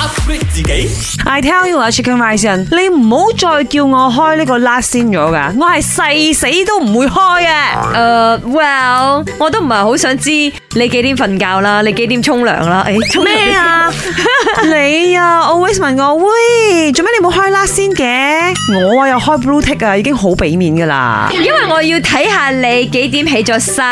update 自己？I tell you，I chicken rice 人，你唔好再叫我開呢個 last seen 咗噶，我係誓死都唔會開嘅。誒，Well，我都唔係好想知你幾點瞓覺啦，你幾點沖涼啦？誒，做咩啊？你啊，always 問我喂，做咩你冇開 last seen 嘅？我又開 blue tick 啊，已經好俾面噶啦。因為我要睇下你幾點起咗身，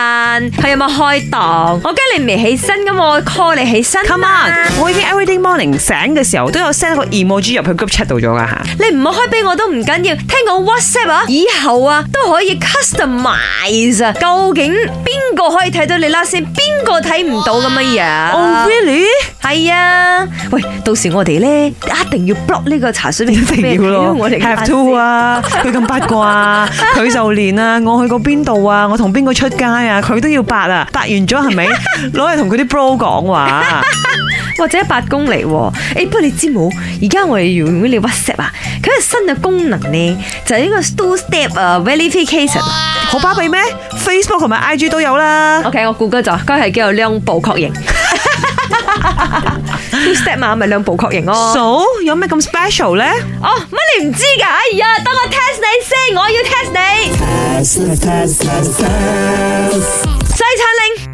係有冇開檔？我驚你未起身咁，我 call 你起身。Come on，我已經 everyday morning set。嘅時候都有 send 個 emoji 入去 group chat 度咗噶吓，你唔好開俾我都唔緊要。聽講 WhatsApp 啊，以後啊都可以 customize 啊。究竟邊個可以睇到你啦先？邊個睇唔到咁乜嘢？Oh really？係啊。喂，到時我哋咧一定要 block 呢個茶水味，一定要咯。Have to 啊，佢咁八卦，佢就連啊，我去過邊度啊，我同邊個出街啊，佢都要八啊，八完咗係咪攞嚟同佢啲 bro 講話？ 或者八公里喎。哦，哎不過你知冇？而家我哋用呢個 WhatsApp 啊，佢新嘅功能呢，就係、是、呢個 Two Step 啊 Verification，好巴閉咩？Facebook 同埋 IG 都有啦。OK，我 google 咗，佢係叫做兩步確認。Two Step 嘛咪兩、就是、步確型哦。So 有咩咁 special 咧？哦，乜你唔知噶？哎呀，等我 test 你先，我要 test 你。西產令。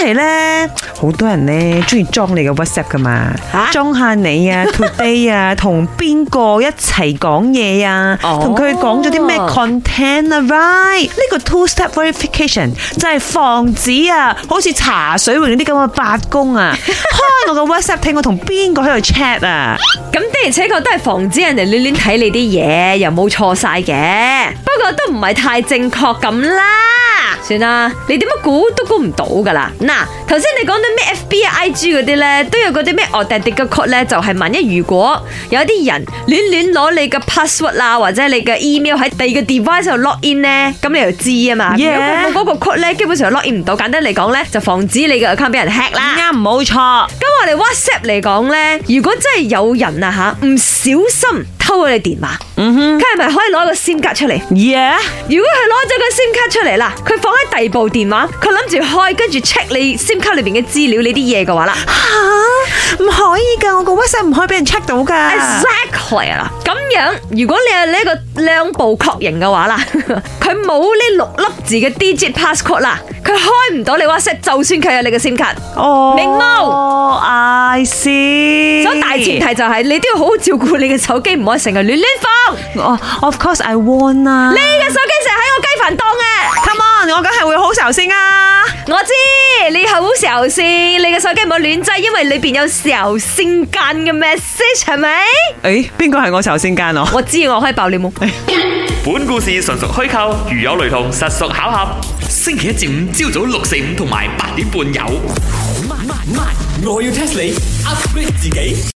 係咧，好多人咧中意裝你嘅 WhatsApp 噶嘛，裝、啊、下你啊，today 啊，同邊個一齊講嘢啊，同佢講咗啲咩 content 啊，right？呢、這個 two-step verification 就係防止啊，好似茶水壺嗰啲咁嘅八公啊，開我嘅 WhatsApp 睇 我同邊個喺度 chat 啊，咁的而且確都係防止人哋亂亂睇你啲嘢，又冇錯晒嘅，不過都唔係太正確咁啦，算啦，你點樣估都估唔到噶啦。嗱，頭先你講到咩 FB IG 嗰啲咧，都有嗰啲咩，我哋嘅個 cut 咧就係、是、萬一如果有啲人亂亂攞你嘅 password 啦，或者你嘅 email 喺第二個 device 度 login 咧，咁你就知啊嘛。Yeah. 如果我嗰個 cut 咧，基本上 login 唔到。簡單嚟講咧，就防止你嘅 account 俾人 hack 啦。啱、嗯，冇錯。咁我哋 WhatsApp 嚟講咧，如果真係有人啊吓唔小心偷你電話，佢係咪可以攞個 SIM 卡出嚟？Yeah. 如果佢攞咗個 SIM 卡出嚟啦，佢放喺第二部電話，佢諗住開跟住 check 你 SIM 卡裏面嘅資料，你啲嘢嘅話啦。 唔可以噶，我個 WhatsApp 唔可以俾人 check 到噶。Exactly 啦，咁樣如果你係你呢個兩步確認嘅話啦，佢冇呢六粒字嘅 D J pass code 啦，佢開唔到你 WhatsApp，就算佢有你嘅 SIM card。哦、oh, 慕，明冇。I see。咁大前提就係、是、你都要好好照顧你嘅手機，唔可以成日亂亂放。哦、oh,，Of course I won't 啊！你嘅手機成日喺我雞飯檔嘅，come on。我梗係會好壽先啊！我知你好壽先。你嘅手機唔好亂擠，因為裏邊有壽先間嘅 message 係咪？誒，邊個係我壽先間啊？我知我可以爆你冇。欸、本故事純屬虛構，如有雷同，實屬巧合。星期一至五朝早六四五同埋八點半有。我要 test 你 upgrade 自己。